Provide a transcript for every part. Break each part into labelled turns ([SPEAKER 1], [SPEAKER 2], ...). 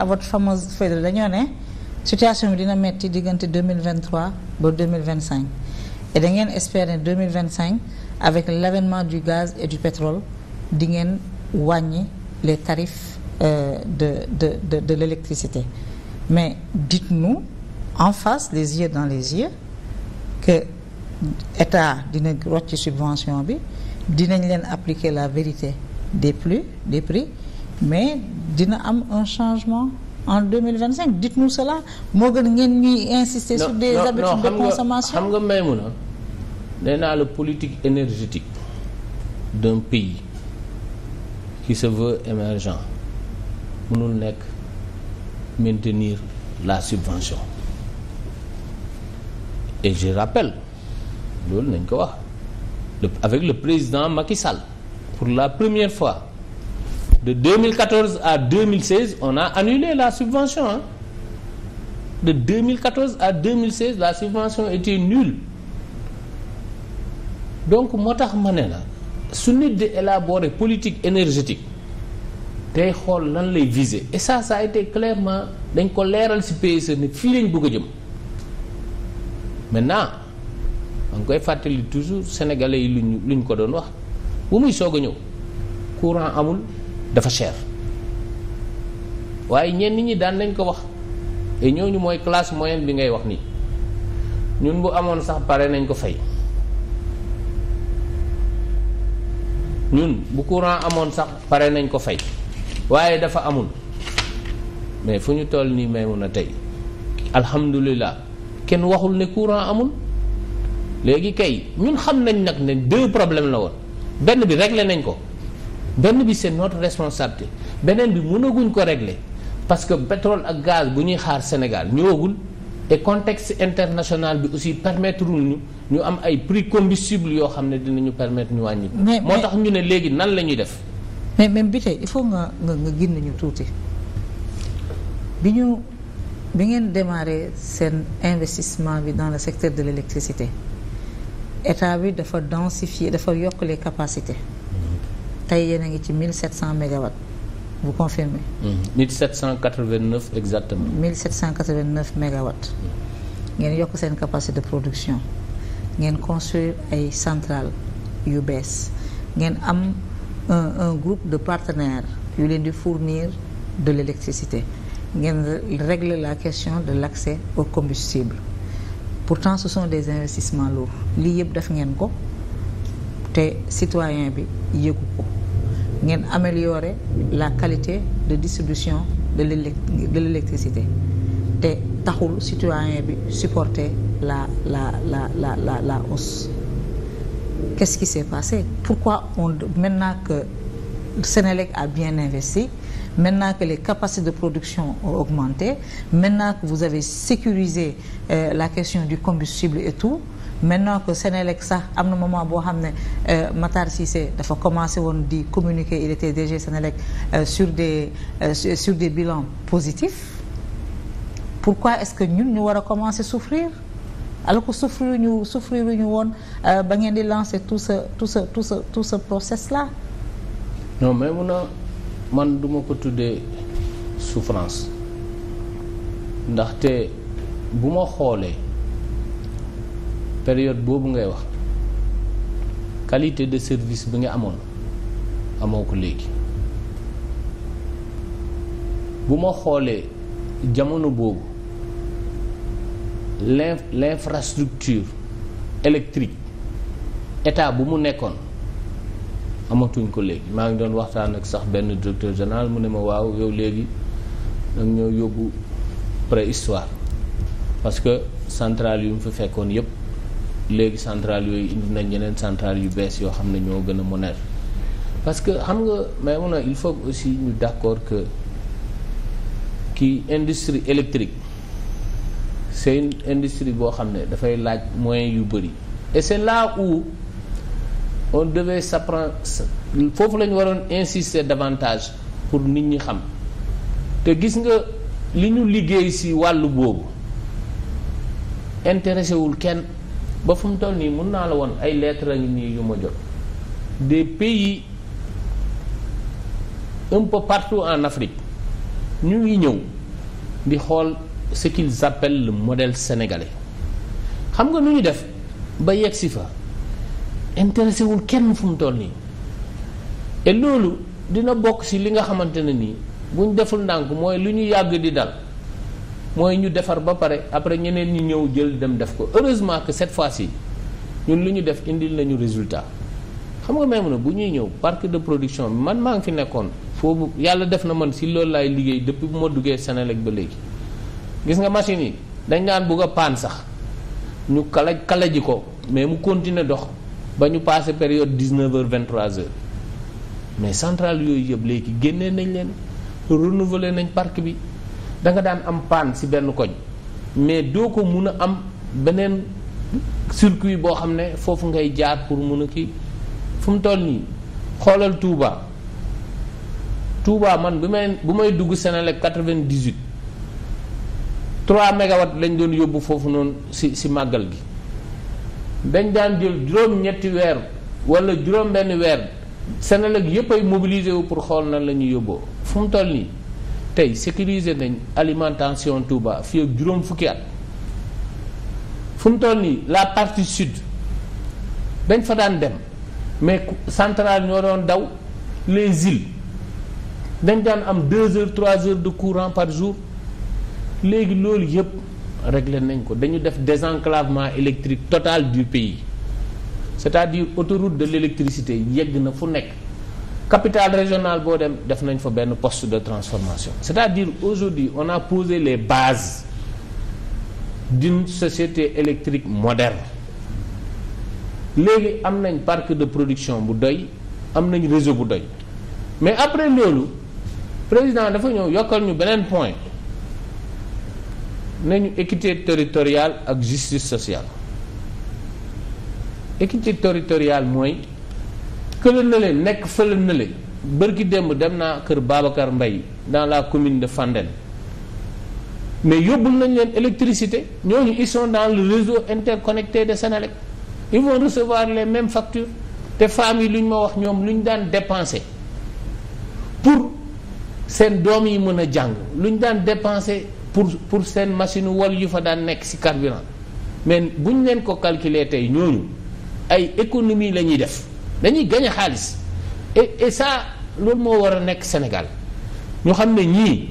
[SPEAKER 1] à votre fameuse feuille dañoo ne situation bi dina metti diggante 2023 ba 2025 et da ngeen espérer 2025 avec l'avènement du gaz et du pétrole di ngeen wàññi les tarifs euh, de de de de l'électricité mais dites-nous en face les yeux dans les yeux que état dina rocc subvention bi dinañ leen appliquer la vérité des plus des prix mais dina am un changement en 2025 dites-nous cela moo gën ngeen ñuy insister sur des habitudes de consommation xam nga may mun a
[SPEAKER 2] nee la politique énergétique d'un pays qui se veut émergent mënul nekk maintenir la subvention et je rappelle loolu nañ ko wax avec le président Macky Sall pour la première fois de 2014 à 2016 on a annulé la subvention hein. de 2014 à 2016 la subvention était nulle donc moo tax ma ne la su nit di élaborer politique énergétique tey xool lan lay viser esa ça ça été clairement dañ ko leeral ci PSE ne fii lañ bëgg a jëm maintenant da nga koy fàttali toujours sénégalais yi luñ luñ ko doon wax bu muy soog a ñëw courant amul. dafa cher waaye ñenn ñi daan nañ ko wax et ñooñu mooy classe moyenne bi ngay wax nii ñun bu amoon sax pare nañ ko fay ñun bu courant amoon sax pare nañ ko fay waaye dafa amul mais fu ñu toll nii may mun a tey alhamdulilah kenn waxul ne courant amul léegi kay ñun xam nañ nag ne dë problème la woon benn bi réglé nañ ko benn bi c'est notre responsabilité beneen bi mënaguñ ko régler parce que pétrole ak gaz bu ñuy xaar Sénégal ñëwagul te contexte international bi aussi permettre ñu ñu am ay prix combustible yoo xam ne dinañu permettre ñu wàññi. mais moo tax ñu ne léegi nan la ñuy def.
[SPEAKER 1] mais même bi tey il faut nga nga nga gin nañu tuuti bi ñu bi ngeen démarrer seen investissement bi dans le secteur de l'électricité état bi dafa densifier dafa yokk les capacités. tey yéen a ngi ci 1700 mégawatts vous confirmez.
[SPEAKER 2] 1789 mm-hmm. exactement.
[SPEAKER 1] 1789 mégawatts. ngeen yokk seen capacité de production ngeen construire ay centrales yu bees ngeen am un groupe de partenaires yu leen di fournir de l'électricité ngeen régler la question de l'accès au combustible pourtant ce sont des investissements lourds lii yëpp def ngeen ko te citoyen bi yëgu ko. ngeen améliorer la qualité de distribution de de l'électricité te taxul citoyen bi supporter la la la la la la hausse qu'est-ce qui s'est passé pourquoi on maintenant que Sénélec a bien investi maintenant que les capacités de production ont augmenté maintenant que vous avez sécurisé euh, la question du combustible et tout maintenant que Sénélec sax am na moment boo xam ne euh, Matar Cissé dafa commencé woon di communiquer il était DG Sénélec euh, sur des euh, sur des bilans positifs pourquoi est-ce que ñun ñu war a commencer souffrir alors que souffrir ñu souffrir ñu woon ba ngeen di lancer tout sa tout sa tout ce tout ce process là.
[SPEAKER 2] non mais mun a man duma ko tuddee souffrance ndaxte bu ma xoolee. période boobu ngay wax qualité de service bi nga amoon amoo ko léegi bu ma xoolee jamono boobu l'in l'infrastructure électrique état bu mu nekkoon amatuñ ko léegi maa ngi doon waxtaan ak sax benn directeur général mu ne ma waaw yow léegi nag ñoo yóbbu préhistoire parce que centrale yu mu fi fekkoon yépp léegi centrale yooyu indi nañ yeneen centrale yu bees yoo xam ne ñoo gën a moderne parce que xam nga mais mun a il faut aussi ñu d'accord que kii industrie électrique c'est une industrie boo xam ne dafay laaj moyens yu bëri et c'est là où on devait s'apprendre foofu la ñu waroon insister davantage pour nit ñi xam te gis nga li ñu liggéey si wàllu boobu intéressé wul kenn ba fu mu toll nii mun naa la woon ay lettres ngi nii yu ma jot des pays un peu partout en Afrique ñu ngi ñëw di xool ce qu'ils appellent le modèle sénégalais xam nga nu ñu def ba yegg si fa intéressé wul kenn fu mu toll nii te loolu dina bokk ci li nga xamante ne nii buñ deful ndànk mooy lu ñu yàgg di dal mooy ñu defar ba pare après ñeneen ñi ñëw jël dem def ko heureusement que cette fois-ci ñun lu ñu def indil nañu résultat xam nga même na bu ñuy ñëw parc de production bi man maa ngi fi nekkoon foofu yàlla def na man si loolu laay liggéey depuis bu ma duggee Senelec ba léegi gis nga machine yi dañ daan bugg a paan sax ñu kala kala ji ko mais mu continuer dox ba ñu passé période 19 heures 23 heures mais centrale yooyu yëpp léegi génnee nañ leen nañ parc bi da nga daan am paan si benn koñ mais doo ko mun a am beneen circuit boo xam ne foofu ngay jaar pour mun a kii fu mu toll nii xoolal Touba Touba man bu may bu may dugg Senelec 98 3 mégawatts lañ doon yóbbu foofu noonu si si màggal gi dañ daan jël juróom-ñetti weer wala juróom-benn weer Senelec yëpp ay mobilisé wu pour xool nan la ñuy yóbboo fu mu toll nii. tey sécuriser nañ alimentation Touba fii ak juróom fukki at fu mu toll nii la partie sud dañ fa daan dem mais centrale ñoo doon daw les îles dañ daan am deux heures trois heures de courant par jour léegi loolu yëpp réglé nañ ko dañu def désenclavement électrique total du pays c'est-à-dire autoroute de l'électricité yegg na fu nekk capital régionale boo dem def nañ fa benn post de transformation c'est-à-dire aujourd'hui on a pose les bases d'une société électrique moderne léegi am nañ parc de production bu doy am nañu réseau bu doy mais après loolu président dafa ñëw yokkal ñu beneen point nañu équité territorial ak justice sociale équité territoriale mooy kële na leen nekk fële na leen bërki démb dem naa kër Babacar mbay dans la commune de Fandène mais yóbbul nañ leen électricité ñooñu ils sont le réseau interconnecté de Sénélec ils vont recevoir les mêmes factures te femmes yi lu ñu ma wax ñoom lu ñu daan dépenser pour seen doom yi mën a jàng lu ñu daan dépenser pour pour seen machine wol yu fa daan nekk ci carburant mais bu ñu leen ko calculer tey ñooñu ay économie la ñuy def dañuy gañe xaalis et et ça loolu moo war a nekk Sénégal ñu xam ne ñii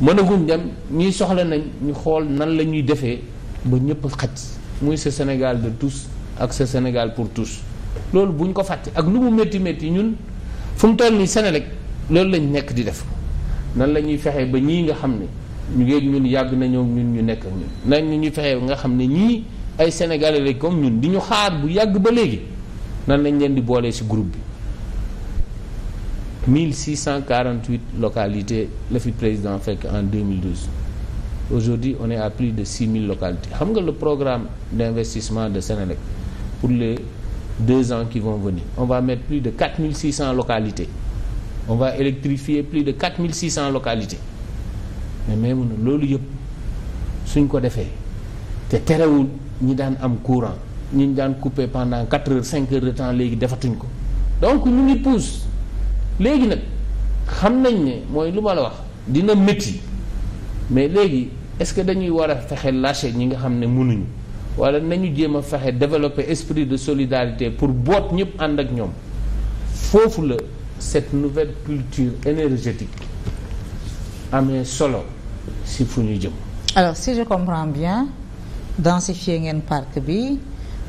[SPEAKER 2] mënaguñ dem ñii soxla nañ ñu xool nan la ñuy defee ba ñëpp xaj muy sa Sénégal de tous ak sa Sénégal pour tous loolu bu ñu ko fàttee ak lu mu métti métti ñun fu mu toll nii Sénélec loolu lañ nekk di def nan la ñuy fexe ba ñii nga xam ne ñu ngeeg ñun yàgg nañoo ñun ñu nekk ak ñun nan la ñuy fexe nga xam ne ñii ay sénégalais lañ comme ñun di ñu xaar bu yàgg ba léegi. nan lañ leen di boolee ci groupe bi 1648 localités la fi président fekk en 2012 aujourd'hui on est à plus de mille localités xam nga le programme d'investissement de Sénélec pour les deux ans qui vont venir on va mettre plus de 4600 localités on va électrifier plus de 4600 localités mais même loolu yëpp suñ ko defee te terewul ñi daan am courant ñu ñu daan couper pendant quatre heures cinq heures de temps léegi defatuñ ko donc ñu ngi pousse léegi nag xam nañ ne mooy lu ma la wax dina métti mais léegi est-ce que dañuy war a fexe lâcher ñi nga xam ne mënuñu wala nañu jéem a fexe développer esprit de solidarité pour boot ñëpp ànd ak ñoom foofu la cette nouvelle culture énergétique amee solo si fu ñu jëm.
[SPEAKER 1] alors si je comprends bien densifier ngeen parc bi.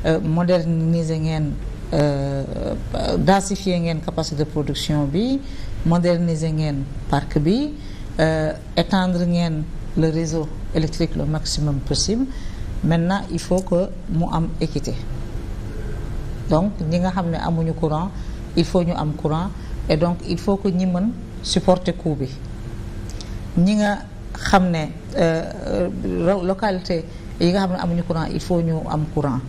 [SPEAKER 1] Euh, moderniser ngeen euh, densifier ngeen capacité de production bi moderniser ngeen parc bi euh, étendre ngeen le réseau électrique le maximum possible maintenant il faut que mu am équité donc ñi nga xam ne amuñu courant il faut ñu am courant et donc il faut que ñi mën supporter coût bi ñi nga xam ne localité yi nga xam ne amuñu courant il faut ñu am courant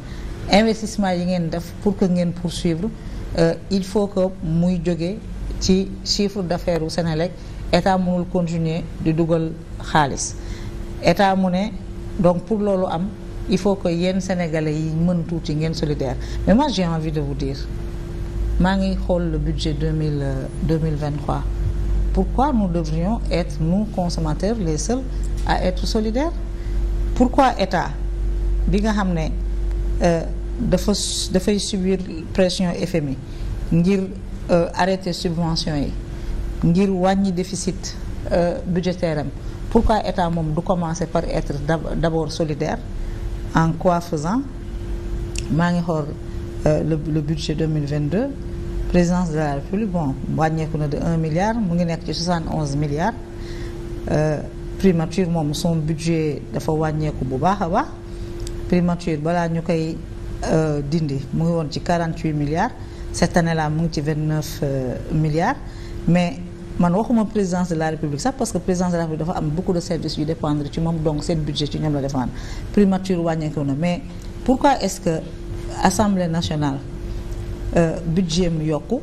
[SPEAKER 1] investissement yi ngeen def pour que ngeen poursuivre euh, il faut que muy jóge ci chiffre d'affaires u Sénélec état mënul continuer di dugal xaalis état mu ne donc pour loolu am il faut que yenn sénégalais yi mën tuuti ngeen solidaire mais moi j'ai envie de vous dire maa ngi xool le budget deux mille euh, deux mille vingt trois pourquoi nous devrions être nous consommateurs les seuls à être solidaires pourquoi état bi nga xam ne Euh, dafa dafay subir pression FMI ngir euh, arrêter subvention yi ngir wàññi déficit euh, budgétaire am pourquoi état moom du commencer par être d'abord solidaire en quoi faisant maa ngi xool le budget 2022 présidence de la république bon wàññeeku na de un milliard mu ngi nekk ci 71 milliards primature moom son budget dafa wàññeeku bu baax a baax primature balaa ñu koy euh, dindi mu ngi woon ci 48 milliards cette année là mu ngi ci 29 euh, milliards mais man waxuma présidence de la république sax parce que présidence de la république dafa am beaucoup de services yu dépendre ci moom donc seen budget ci ñoom la dépendre primature wàññeeku na mais pourquoi est-ce que assemblée nationale euh, budget mu yokku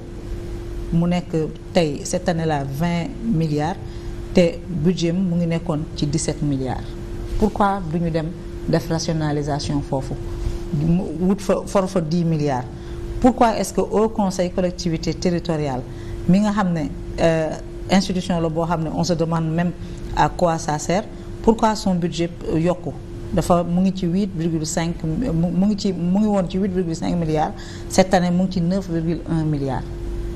[SPEAKER 1] mu nekk tey cette année là 20 milliards te budget mu ngi nekkoon ci 17 milliards pourquoi du ñu dem def rationalisation foofu wut fa for fa 10 milliards pourquoi est-ce que au conseil collectivité territoriale mi nga xam ne euh, institution la boo xam ne on se demande même à quoi ça sert pourquoi son budget yokk dafa mu ngi ci 8 virgule 5 mu ngi ci mu ngi woon ci 8 virgule 5 milliards cette année mu ngi ci 9 virgule 1 milliards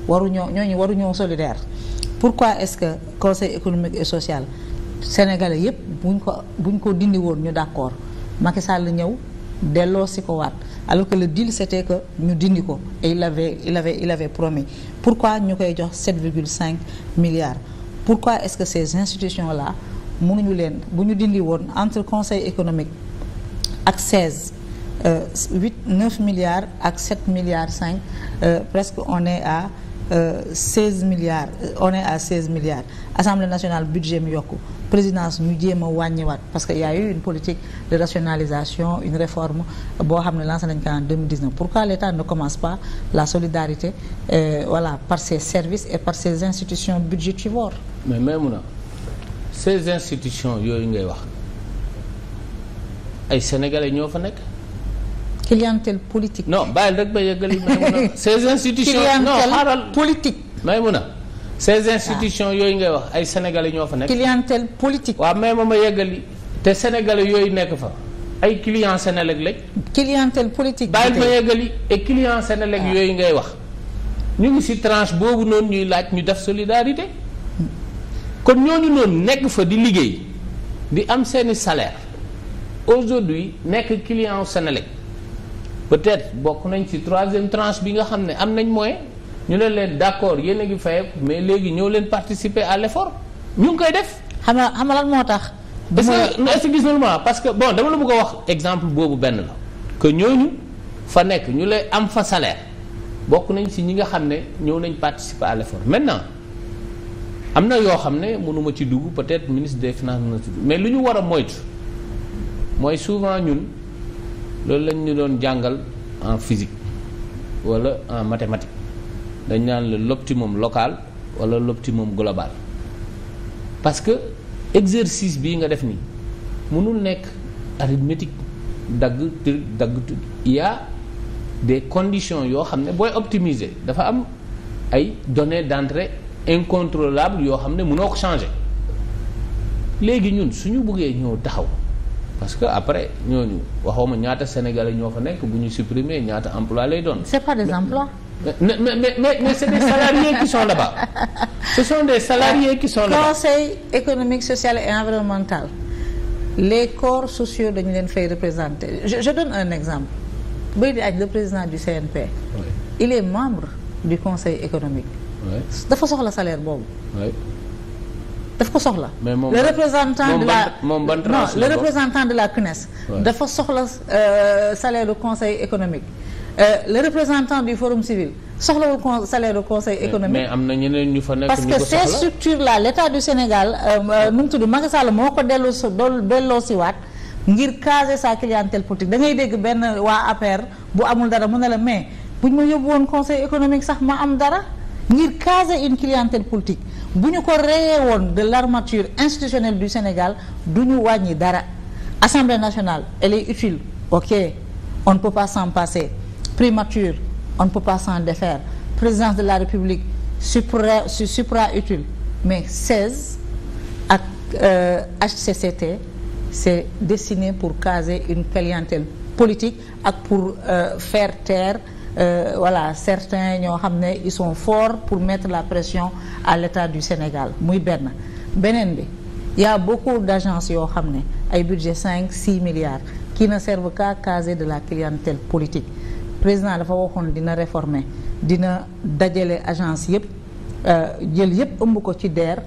[SPEAKER 1] waruñoo ñooñu waruñoo solidaire pourquoi est-ce que conseil économique et social sénégalais yépp buñ ko buñ ko dindi woon ñu d'accord Macky Sall ñëw delloo si ko waat alors que le deal c'était que ñu dindi ko et il avait il avait il avait promis pourquoi ñu koy jox 7,5 milliards pourquoi est-ce que ces institutions là mënuñu leen bu ñu dindi woon entre conseil économique ak 16 euh, 8 9 milliards ak 7 milliards cinq euh, presque on est à Euh, seize milliards euh, on est à seize milliards assemblée nationale budget mi yokku présidence ñu jéem a wàññiwaat parce que y une politique de rationalisation une réforme boo xam ne lancé nañ ko en 2019 pourquoi l'État ne commence pas la solidarité euh, voilà par ses services et par ses institutions budgétivores
[SPEAKER 2] mais même na ces institutions yooyu ngay wax ay sénégalais ñoo fa nekk
[SPEAKER 1] clientèle politique. non bàyyil rek ba yeggali Maymuna ces institutions non xaaral politique.
[SPEAKER 2] Maymuna ces ah. institutions yooyu ngay wax ay sénégalais ñoo fa nekk.
[SPEAKER 1] clientèle politique. waaw may ma ma
[SPEAKER 2] yeggali te sénégal yooyu nekk fa ay clients Sénélec lañ.
[SPEAKER 1] clientèle politique. bàyyil ma yeggali
[SPEAKER 2] et clients Sénélec ah. yooyu ngay wax ñu ngi ci tranche boobu noonu ñuy laaj ñu def solidarité kon ñooñu noonu nekk fa di liggéey di am seeni salaire aujourd'hui nekk client Sénélec. peut-être bokk nañ ci troisième tranche bi nga xam ne am nañ mooy ñu ne leen d'accord yéen a ngi fayeeku mais léegi ñëw leen participer à l'effort ñu ngi koy def. xam nga xam nga la moo tax. est-ce que parce que bon dama la bëgg wax exemple boobu benn la que ñooñu fa nekk ñu lay am fa salaire bokk nañ ci ñi nga xam ne ñëw nañ participer à maintenant am na yoo xam ne mënuma ci dugg peut-être ministre des finances mais lu ñu war a moytu mooy souvent ñun. loolu lañ doon jàngal en physique wala en mathématique dañ naan la l'optimum local wala l'optimum global parce que exercice bii nga def nii mënul nekk arithmétique dagg tëj dagg tëj il y a des conditions yoo xam ne booy optimiser dafa am ay données d'entrée incontrôlables yoo xam ne mënoo ko changer léegi ñun suñu bëggee ñëw taxaw parce que après ñooñu waxuma ñaata sénégalais ñoo fa nekk bu ñu supprimer ñaata emploi lay doon. c'est
[SPEAKER 1] pas des emplois.
[SPEAKER 2] mais mais mais mais, mais c'est des salariés qui sont là-bas ce sont des salariés qui sont là-bas.
[SPEAKER 1] conseil économique social et environnemental les corps sociaux dañu leen fay représenter je, je donne un exemple Boy Aj le président du CNP. Oui. il est membre du conseil économique. dafa soxla salaire boobu. daf ko soxla.
[SPEAKER 2] le représentant de la moom ban non le
[SPEAKER 1] de la CNES. dafa soxla euh, salaire du conseil économique. Euh, le représentant du forum civil soxlawul salaire du conseil économique.
[SPEAKER 2] am na ñeneen ñu fa nekk parce que ces structures
[SPEAKER 1] là l' état du Sénégal euh, nu mu tudd Macky Sall moo ko dellu si delloo si waat ngir caser sa clientèle politique da ngay dégg benn waa APR bu amul dara mun ne la mais buñ ma yóbbu woon conseil économique sax ma am dara ngir caser une clientèle politique. bu ñu ko reyee woon de l'armature institutionnelle du Sénégal du ñu wàññi dara assemblée nationale elle est utile ok on ne peut pas s'en passer primature on ne peut pas s'en défaire présidence de la république supra supra utile mais 16 ak euh, HCCT c'est destiné pour caser une clientèle politique ak pour euh, faire taire Euh, voilà certains ñoo xam ne ils sont forts pour mettre la pression à l'État du Sénégal muy benn beneen bi y a beaucoup yoo xam ne ay budget cinq six milliards qui na servent qu'à caser de la clientèle politique le président dafa waxoon dina réformer dina dajale agence yëpp euh, jël yëpp ëmb ko ci DER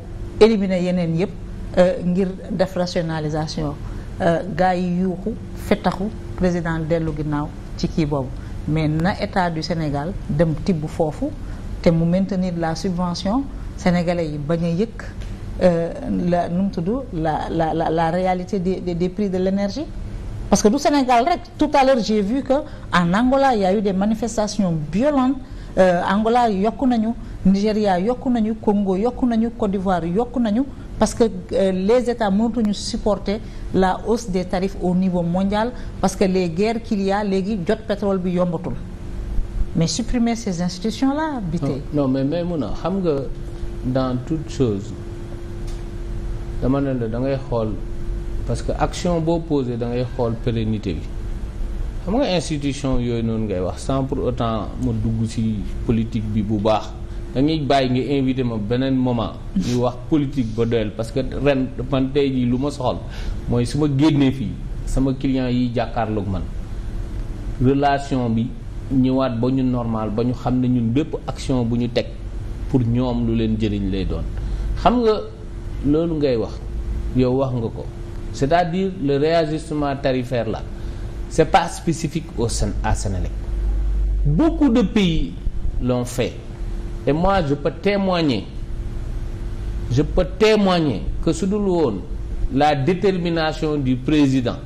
[SPEAKER 1] éliminer yeneen yëpp euh, ngir def rationalisation gars yi yuuxu fettaxu président dellu ginnaaw ci kii boobu mais na état du Sénégal dem tibb foofu te mu maintenir la subvention sénégalais yi bañ a yëkk euh, la nu tudd la la la la réalité des des, des prix de l'énergie parce que du Sénégal rek tout à l'heure j'ai vu que en Angola il y a eu des manifestations violentes euh, Angola yokku nañu Nigéria yokk nañu Congo yokku nañu Côte d'Ivoire yokku nañu parce que euh, les États mënatuñu supporter la hausse des tarifs au niveau mondial parce que les guerres qu'il y léegi jot pétrole bi yombatul mais supprimer ces institutions là bi tey non mais mais mun a
[SPEAKER 2] xam nga dans toute chose dama ne la da ngay xool parce que action boo posé da ngay xool pérennité bi xam nga institution yooyu noonu ngay wax sans pour autant ma dugg ci politique bi bu baax da ngay bàyyi nga invité ma beneen moment. ñu wax politique ba doyal parce que ren man tey jii lu ma soxal mooy su ma génnee fii sama client yi jàkkaarloog man relation bi ñëwaat ba ñu normal ba ñu xam ne ñun bépp action bu ñu teg pour ñoom lu leen jëriñ lay doon. xam nga loolu ngay wax yow wax nga ko c'est-à-dire le réajustement tarifaire la c'est pas spécifique au Sénégal à Sénélec beaucoup de pays l'ont et moi je peux témoigner je peux témoigner que su dul woon la détermination du président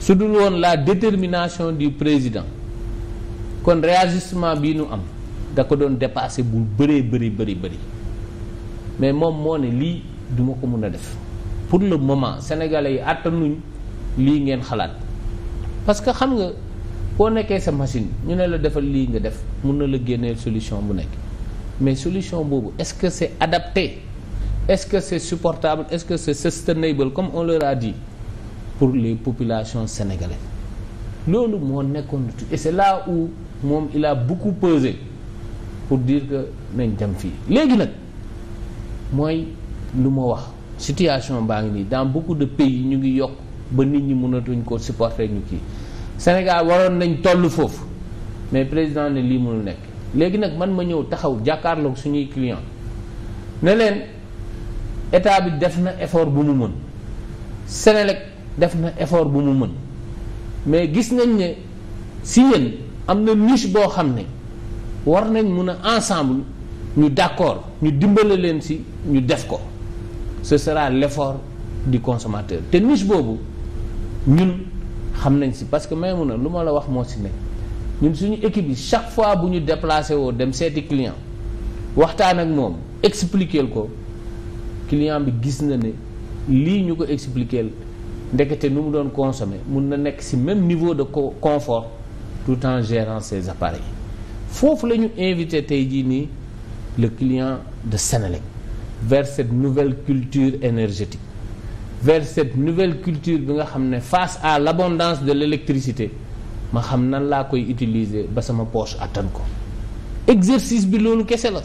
[SPEAKER 2] su dul woon la détermination du président kon réagissement bi nu am da ko doon dépassé bu bëree bëri bëri bëri mais moom moo ne lii duma ko mun a def pour le moment sénégalais yi àttanuñ lii ngeen xalaat parce xam nga boo nekkee sa machine ñu ne la defal lii nga def mun na la génneel solution bu nekk mais solution boobu est-ce que c'est adapté est-ce que c'est supportable est-ce que c'est sustainable comme on leur a pour les populations sénégalaises loolu moo nekkoon et c'est là où moom il a beaucoup pesé pour diir que nañ dem fii léegi nag mooy lu ma wax situation baa ngi nii dans beaucoup de yi ñu ngi yokk ba nit ñi mënatuñ koo supporter ñu kii Sénégal waroon nañ toll foofu mais président ne lii mënul nekk léegi nag man ma ñëw taxaw jàkkaarloog suñuy client ne leen état bi def na effort bu mu mën Sénélec def na effort bu mu mën mais gis nañ ne si yéen am na niche boo xam ne war nañ mun a ensemble ñu d'accord ñu dimbale leen si ñu def ko ce sera l'effort di consommateur te niche boobu ñun xam nañ si parce que may mun a lu ma la wax moo si nekk ñun suñu équipe yi chaque fois bu ñu déplacé woo dem seeti client waxtaan ak moom expliquer ko client bi gis na ne lii ñu ko expliquer ndekete nu mu doon consommé mun na nekk si même niveau de confort tout en gérant ses appareils foofu la ñu invité tey jii nii le client de Senelec vers cette nouvelle culture énergétique vers nouvelle culture bi nga xam ne face à l'abondance de l'électricité
[SPEAKER 1] ma xam nan laa koy utiliser ba sama poche attan ko exercice bi loolu kese la